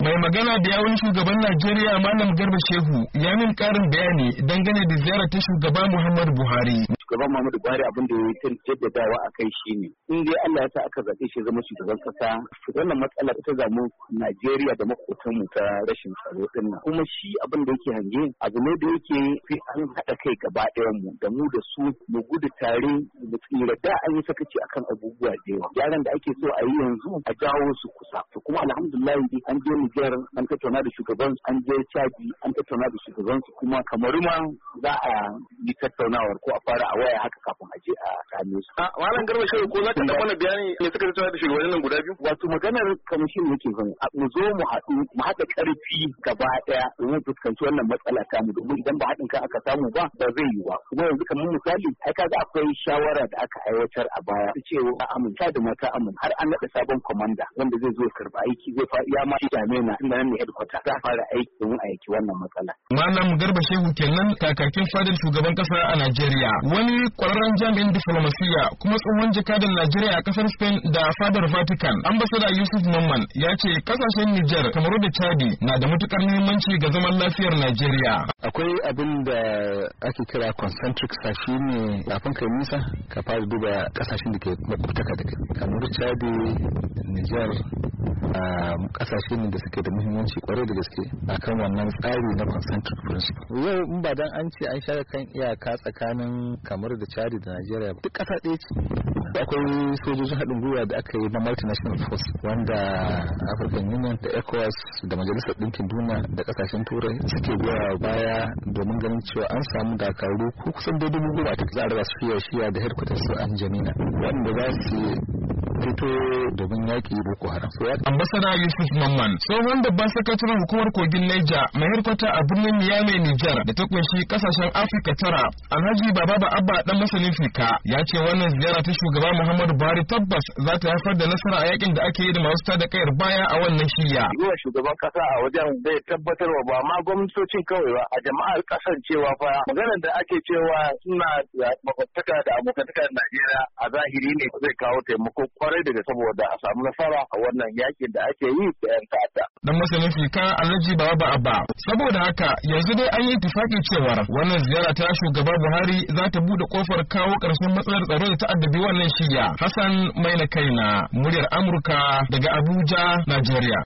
mai magana da yawun shugaban najeriya malam garba shehu ya min karin bayani dangane da ziyarar ta shugaba muhammadu buhari shugaban Muhammadu Buhari abin da ya kan jaddadawa a kai shi ne. In dai Allah ya sa aka zaɓe shi zama shugaban ƙasa, wannan matsala ta zamu Najeriya da makotanmu ta rashin tsaro ɗin nan. Kuma shi abin da yake hange abu ne da yake fi an haɗa kai gaba ɗayan mu da mu da su mu gudu tare mu tsira da an yi sakaci akan abubuwa da yawa. Gyaran da ake so a yi yanzu a jawo su kusa. To kuma alhamdulillah an je Nijar an tattauna da shugaban an je Chadi an tattauna da shugaban kuma kamar ma za a yi tattaunawar ko a fara a waya haka kafin a je a same su. A ah, malam garba shehu ko za ka da mana bayani ne suka tattauna da shugabannin nan guda biyu? Wato maganar kamishin yake zan mu zo mu haɗu mu haɗa ƙarfi gaba ɗaya domin fuskanci wannan matsala ta mu domin idan ba haɗin kan aka samu ba ba zai yi ba. Kuma yanzu kamar misali ai ga akwai shawara da aka aiwatar a baya cewa a amince da mata amin har an naɗa sabon kwamanda wanda zai zo karba aiki zai fa ya ma dame na inda nan ne headquarter za a fara aiki domin a yaki wannan matsala. Malam Garba Shehu kenan kakakin fadar shugaban kasa a Najeriya. Wani wani kwararren jami'in diflomasiyya kuma tsohon jakadan Najeriya a kasar Spain da fadar Vatican, ambasada Yusuf Mamman ya ce kasashen Nijar, Kamaru da Chadi na da matukar muhimmanci ga zaman lafiyar Najeriya. Akwai abin da ake kira concentric sashi ne kafin kai nisa ka fara duba kasashen da ke makwabtaka da kai. Kamaru, Chadi, Nijar, a kasashe ne da suke da muhimmanci kwarai da gaske akan wannan tsari na concentric principle yau in ba dan an ce an share kan iyaka tsakanin kamar da chad da nigeria duk kasa ɗaya ce akwai sojojin haɗin gwiwa da aka yi na multinational force wanda african union da ecowas da majalisar ɗinkin duniya da kasashen turai suke goya baya domin ganin cewa an samu dakaru ko kusan daidai goma ta za a raba su shiya shiya da headquarters an jamina wanda za su fito domin yaƙi Boko Haram. Ambasada Yusuf Mamman tsohon babban sakataren hukumar kogin Niger mai harkwata a birnin Niamey Niger da ta kunshi kasashen Afirka tara Alhaji Baba ba Abba dan masanin fika ya ce wannan ziyara ta shugaba Muhammadu Buhari tabbas za ta haifar da nasara a yakin da ake yi da masu tada kayar baya a wannan shiya. Yiwa shugaban kasa a wajen tabbatar tabbatarwa ba ma gwamnatocin kawai ba a jama'ar kasar cewa fa maganar da ake cewa suna makwabtaka da abokantaka da Najeriya a zahiri ne zai kawo taimako ko kwarai da saboda a samu nasara a wannan yakin da ake yi da 'yan ta'adda. Dan masanin fika Alhaji Baba Abba. Saboda haka yanzu dai an yi tufaki cewar wannan ziyara ta shugaba Buhari za ta buɗe kofar kawo ƙarshen matsalar tsaro da ta'addabi wannan shiya. Hassan Maina Kaina, muryar Amurka daga Abuja, Najeriya.